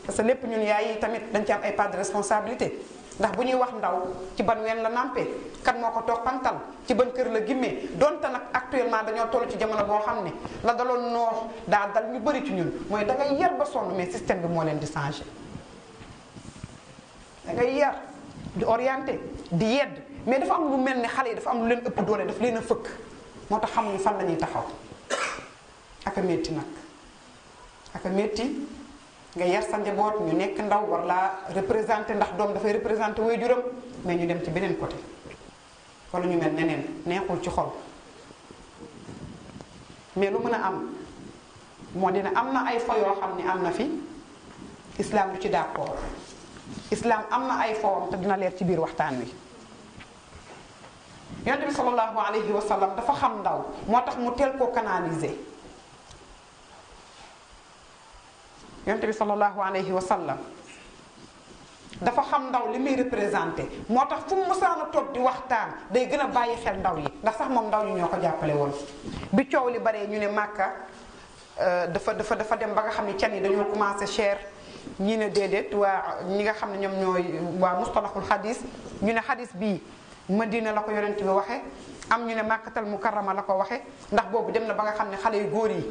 parce que lépp ñun yaay yi tamit dañ ci am ay part de responsabilité ndax bu ñuy wax ndaw ci ban ween la nampé kan moo ko toog pantal ci ban kër la gimmee donte nag actuellement dañoo toll ci jamono boo xam ne la daloon noox daa dal ñu bëri ci ñun mooy da ngay yar ba sonn mais système bi moo leen di changé da ngay yar di orienté di yedd mais dafa am lu mel ni xale yi dafa am lu leen ëpp doole daf leen a fëkk moo tax xamuñu fan la ñuy taxaw ak a métti nag ak a métti nga yar sa njaboot ñu nekk ndaw war laa représenté ndax doom dafay représenté waajuram mais ñu dem ci beneen côté wala ñu mel neneen neexul ci xol mais lu mën a am moo dina am na ay fo yoo xam ne am na fi islam du ci d'accord islam am na ay fowam te dina leer ci biir waxtaan wi yonent bi sallallahu alayhi wa sallam dafa xam ndaw moo tax mu teel koo canaliser yonte bi sallallahu alayhi wa sallam dafa xam ndaw li muy représenté moo tax fu mu musaana toog di waxtaan day gën a bàyyi xel ndaw yi ndax sax moom ndaw ñi ñoo ko jàppale woon bi coow li baree ñu ne màkka euh, dafa dafa dafa dem ba nga xam ne can yi dañu commencé chair ñi ne déedéet waa ñi nga xam ne ñoom ñooy waa mustalahul xadiis ñu ne xadiis bii diina la ko yonent bi waxe am ñu ne màkkatal mukarrama la ko waxe ndax boobu dem na ba nga xam ne xale yu góor yi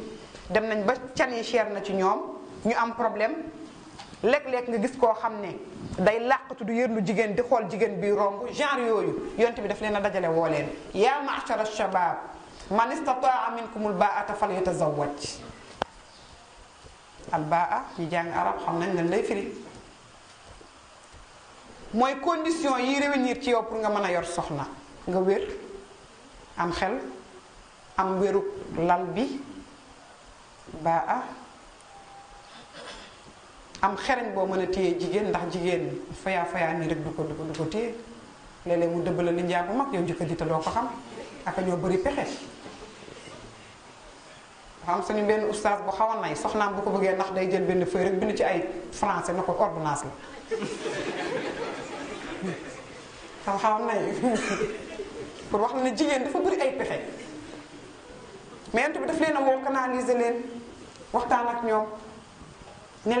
dem nañ ba can yi cher na ci ñoom ñu am problème léeg lekk nga gis koo xam ne day làqatu du yërnu jigéen di xool jigéen bi romb genre yooyu yonent bi daf leen a dajale woo leen yaa ma'shara shabaab man istataa minkumul baa'ata falyatazawwaj al baa ñu jàng arab xam nañ lan lay firi mooy condition yi réunir ci yow pour nga mën a yor soxna nga wér am xel am wéru lal bi baa am xereñ boo mën a téye jigéen ndax jigéen fayaa fayaa nii rek du ko du ko du ko téye léeg mu dëbbala li njaa bu mag yow jëkkër ji te doo ko xam ak ñoo bëri pexe xam suñu benn oustaz bu xaw a nay ko bëggee ndax day jël benn feuille rek ci ay français na ko ordonnance a nay pour wax ne jigéen dafa bëri ay pexe mais bi daf a woo canaliser leen waxtaan ak ñoom ne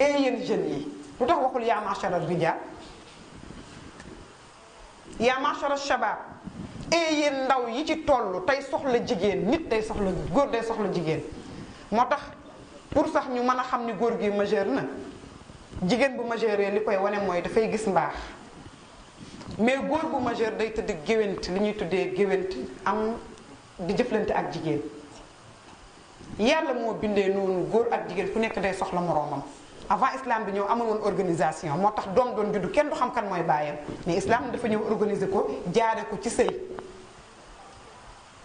ee yéen jeunes yi lu tax waxul yaa machara rijal yaa machara yéen ndaw yi ci toll tey soxla jigéen nit day soxla góor day soxla jigéen moo tax pour sax ñu mën a xam ni góor gi majeur na jigéen bu majeuree li koy wane mooy dafay gis mbaax mais góor bu majeur day tëdd géwént li ñuy tuddee géwént am di jëflante ak jigéen yàlla moo bindee noonu góor ak jigéen ku nekk day soxla moroomam avant islam bi ñëw amul woon organisation moo tax doom doon juddu kenn du xam kan mooy baayam mais islam dafa ñëw organiser ko jaare ko ci sëy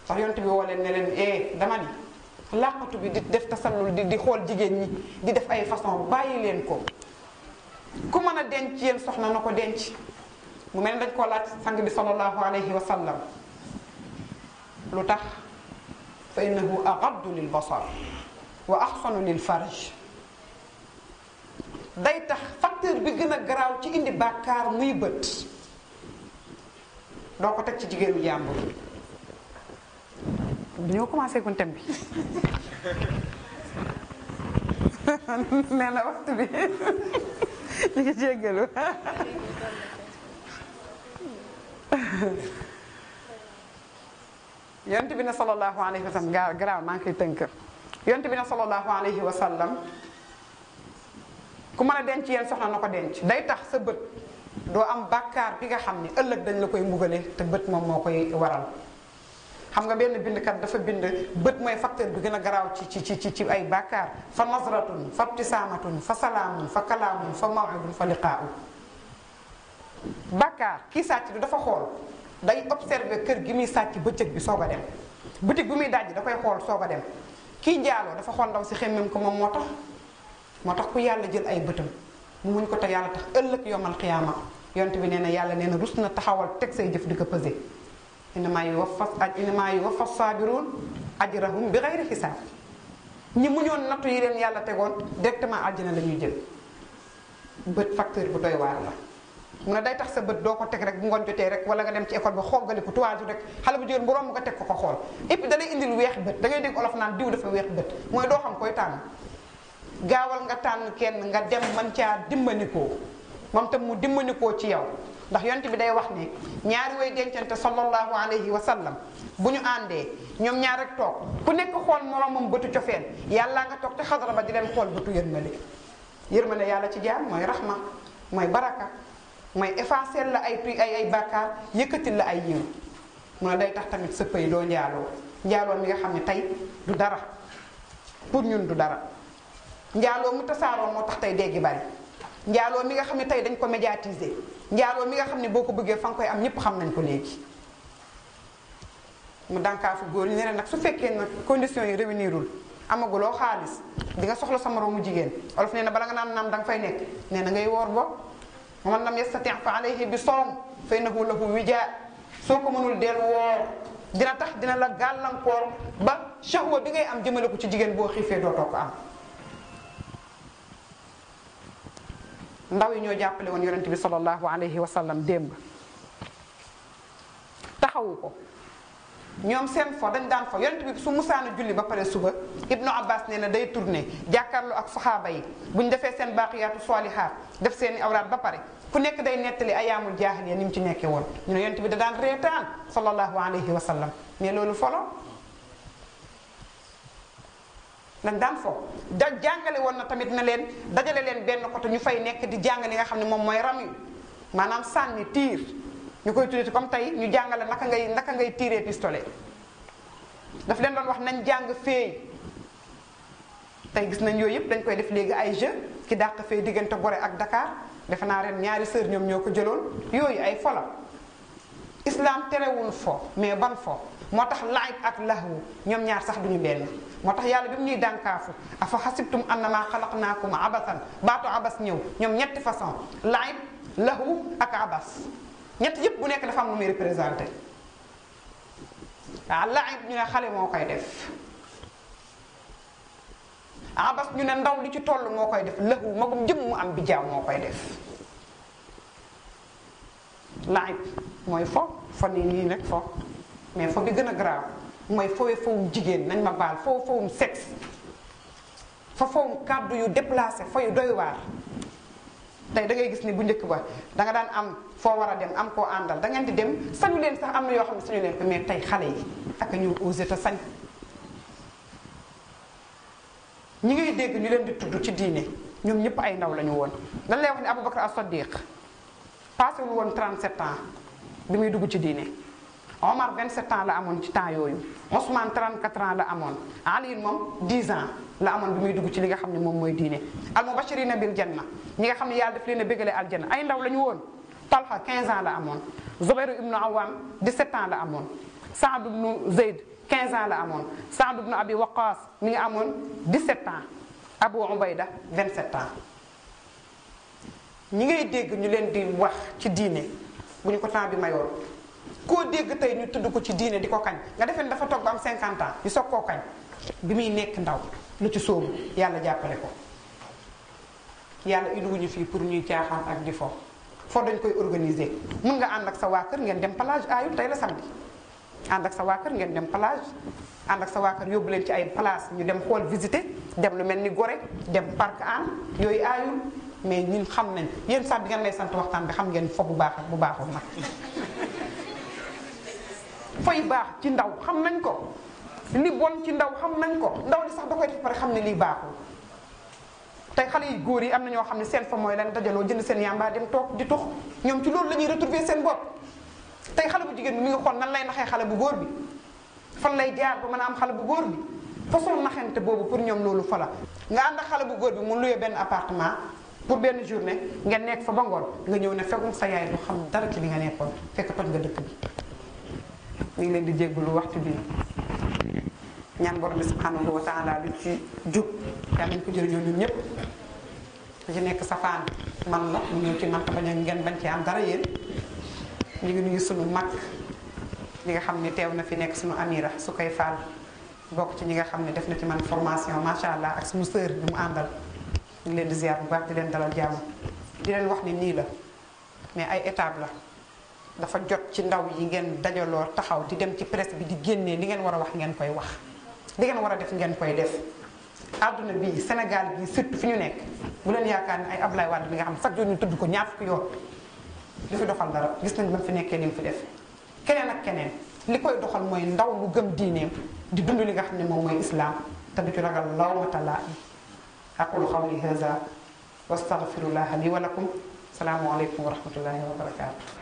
sax yont bi woo leen ne leen eh, dama ni làqatu bi di def tasallul di di xool jigéen ñi di def ay façon bàyyi leen ko ku mën a denc yéen soxna na ko denc mu mel ne dañ koo laaj sang bi sallallahu alayhi wa sallam lu tax fa innahu aqaddu lil basar wa axsanu lil farj day tax facteur bi gën a garaaw ci indi bàkkaar muy bët doo ko teg ci jigéenu jàmbur ñoo commencé gun thème bi nee na waxtu bi ñu ngi jéggalu yonent bi ne sallallahu alayhi wa sallam garaaw maa ngi koy tënk yonent bi ne sallallahu alayhi wa ku mën a denc yenn soxna na ko denc day tax sa bët doo am bàkkaar bi nga xam ne ëllëg dañ la koy mbugale te bët moom moo koy waral xam nga benn bindkat dafa bind bët mooy facteur bi gën a garaaw ci ci ci ci ay bàkkaar fa nasratun fa ibtisaamatun fa salaamun fa kalaamun fa mawidun fa liqaau bàkkaar kii sàcc du dafa xool day observé kër gi muy sàcc bëccëg bi soog a dem boutique bi muy dajj da koy xool soog a dem kii njaaloo dafa xool ndaw si xemmem ko moom moo tax moo tax ku yàlla jël ay bëtam mu muñ ko te yàlla tax ëllëg yomal xiyaama yonte bi nee na yàlla nee na rus na taxawal teg say jëf di ko pëse inamaa yuwaffa inamaa yuwaffa saabiruun ajrahum bi xayri xisaab ñi muñoon nattu yi leen yàlla tegoon directement àjjana la ñuy jël bët facteur bu doy waar la mu ne day tax sa bët doo ko teg rek bu ngoon jotee rek wala nga dem ci école bi xoogaliku tuwaaju rek xale bu jigéen bu romb nga teg ko ko xool et puis da lay weex bët da ngay naan diw dafa weex bët doo xam koy tànn gaawal nga tànn kenn nga dem man caa dimbanikoo moom tam mu dimbanikoo ci yow ndax yonent bi day wax ni ñaari woy dencante sallallahu alayhi wa sallam bu ñu àndee ñoom ñaar rek toog ku nekk xool moromam bëtu cofeen yàlla nga toog te xadara ba di leen xool bëtu yërmale yërmale yàlla ci jaar mooy raxma mooy baraka mooy effacer la ay tuy ay ay bàkkaar yëkkatil la ay yiw mun day tax tamit sa pëy doo njaaloo njaaloo mi nga xam ne tey du dara pour ñun du dara njaaloo mu tasaaroo moo tax tey déggi bari njaaloo mi nga xam ne tey dañ ko médiatiser njaaloo mi nga xam ne boo ko bëggee fa nga koy am ñëpp xam nañ ko léegi mu dànkaafu góor ñi ne nag su fekkee nag condition yi réunirul amaguloo xaalis di nga soxla sa moroomu jigéen olof nee na bala nga naan naan danga fay nekk nee na ngay woor ba man lam yastati fa alayhi bi soom fa innahu lahu wijaa soo ko mënul del woor dina tax dina la gàllankoor ba shahwa bi ngay am jëmale ko ci jigéen boo xiifee dootoo am ndaw yi ñoo jàppale woon yonent bi sallallahu alayhi wa sallam démb taxawu ko ñoom seen fo dañ daan fo yonent bi su musaana julli ba pare suba ibnu abbas ne na day tourné jàkkaarloo ak saxaaba yi bu ñu defee seen baaqiyaatu solihaat def seeni awraat ba pare ku nekk day nettali ayaamul jaahiliya ni mu ci nekkee woon ñu ne yonent bi da daan reetaan sallallahu alayhi wa sallam loolu folo dañ daan fo da jàngale woon na tamit na leen dajale leen benn côté ñu fay nekk di jàng nga xam ne moom mooy ram yu maanaam sànni tiir ñu koy tuddee comme tey ñu jàngale naka ngay naka ngay tiiree pistolet daf leen doon wax nañ jàng feey tey gis nañ yooyu yëpp dañ koy def léegi ay jeu ki dàq feey diggante Gorée ak dakaar defe naa ren ñaari sœur ñoom ñoo ko jëloon yooyu ay fola islam terewul fo mais ban fo moo tax laaj ak lahwu ñoom ñaar sax duñu benn moo tax yàlla bi mu ñuy dànkaafu afa xasibtum annama xalaqnaakum abasan baatu abas ñëw ñoom ñetti façon laib lahu ak abas ñett yëpp bu nekk dafa am lu muy représenté waaw laib ñu ne xale moo koy def abas ñu ne ndaw li ci toll moo koy def lahu magum jëm mu am moo koy def mooy fo fa nii nii rek fo mais foo bi gën a garaaw mooy foowe foowum jigéen nañ ma baal foowe foowum sexe fa kàddu yu déplacé fa yu doy waar tey da ngay gis ni bu njëkk ba danga daan am foo war a dem am koo àndal dangeen di dem sañu leen sax am na yoo xam ne sañu leen ko mais tey xale yi ak ñu osé te sañ ñi ngay dégg ñu leen di tudd ci diine ñoom ñëpp ay ndaw lañu woon dañ lay wax ne Aboubacar as-Siddiq paasewul woon 37 ans bi muy dugg ci diine Omar 27 ans la amoon ci temps yooyu Ousmane 34 ans la amoon Ali moom 10 ans la amoon bi muy dugg ci li nga xam ne moom mooy diine al mubashirina bil janna ñi nga xam ne yàlla daf leen a bégalee aljanna ay ndaw la ñu woon Talha 15 ans la amoon Zubayru ibnu Awam 17 ans la amoon Saad ibnu Zeyd 15 ans la amoon Saad ibnu Abi Waqas mi ngi amoon 17 ans Abu Ubayda 27 ans ñi ngay dégg ñu leen di wax ci diine bu ñu ko temps bi mayoon koo dégg tey ñu tudd ko ci diine di ko kañ nga defee ne dafa toog ba am 50 ans ñu soog koo kañ bi muy nekk ndaw lu ci sóobu yàlla jàppale ko yàlla indiwuñu fii pour ñuy caaxaan ak di fo foo dañ koy organiser mun nga ànd ak sa waa kër ngeen dem palage ayul tey la samedi ànd ak sa waa kër ngeen dem plage ànd ak sa waa kër yóbbu leen ci ay place ñu dem xool visiter dem lu mel ni Gorée dem parc an yooyu aayul mais ñun xam nañ yéen sax bi ngeen lay sant waxtaan bi xam ngeen fo bu baax ak bu baaxul nag fay baax ci ndaw xam nañ ko li bon ci ndaw xam nañ ko ndaw li sax da koy def pare xam ne lii baaxul tey xale yu góor yi am na ñoo xam ne seen fa mooy lan dajaloo jënd seen yàmbaa dem toog di tux ñoom ci loolu la ñuy retrouver seen bopp tey jigéen bi mi ngi nan lay naxee xale bu góor bi fan lay jaar ba mën a am xale bu góor bi façon naxante boobu pour ñoom loolu fa la nga ànd xale bu góor bi mu luye benn appartement pour benn journée nga nekk fa ba ngoon nga ñëw ne fekkum sa yaay du xam dara ci li nga nekkoon fekk toj nga dëkk bi ñu ngi leen di jéggalu waxtu bi ñaan borom bi subhanahu wa lu ci jub yàlla nañ ko jëriñoo ñun ñëpp ku ci nekk safaan man la mu ñëw ci man te bañ ngeen bañ ci am dara yéen ñu ngi nuyu sunu mag ñi nga xam ni teew na fi nekk sunu amira su koy faal bokk ci ñi nga xam ne def na ci man formation macha allah ak sumu sœur bi mu àndal ñu ngi leen di ziar bu baax di leen dalal jàmm di leen wax ni nii la mais ay étape la dafa jot ci ndaw yi ngeen dajaloor taxaw di dem ci presse bi di génnee li ngeen war a wax ngeen koy wax li ngeen war a def ngeen koy def àdduna bi Sénégal bi surtout fi ñu nekk bu leen yaakaar ne ay Ablaye Wade bi nga xam chaque jour ñu ko ñaar fukki yoon li fi doxal dara gis nañ ba fi nekkee li mu fi def keneen ak keneen li koy doxal mooy ndaw lu gëm diineem di dund li nga xam ne moom mooy islaam te du ci ragal lawmata laa'i aqulu qawli haza wa astaghfirullaha li wa lakum salaamu aleykum wa rahmatullahi wa barakaatu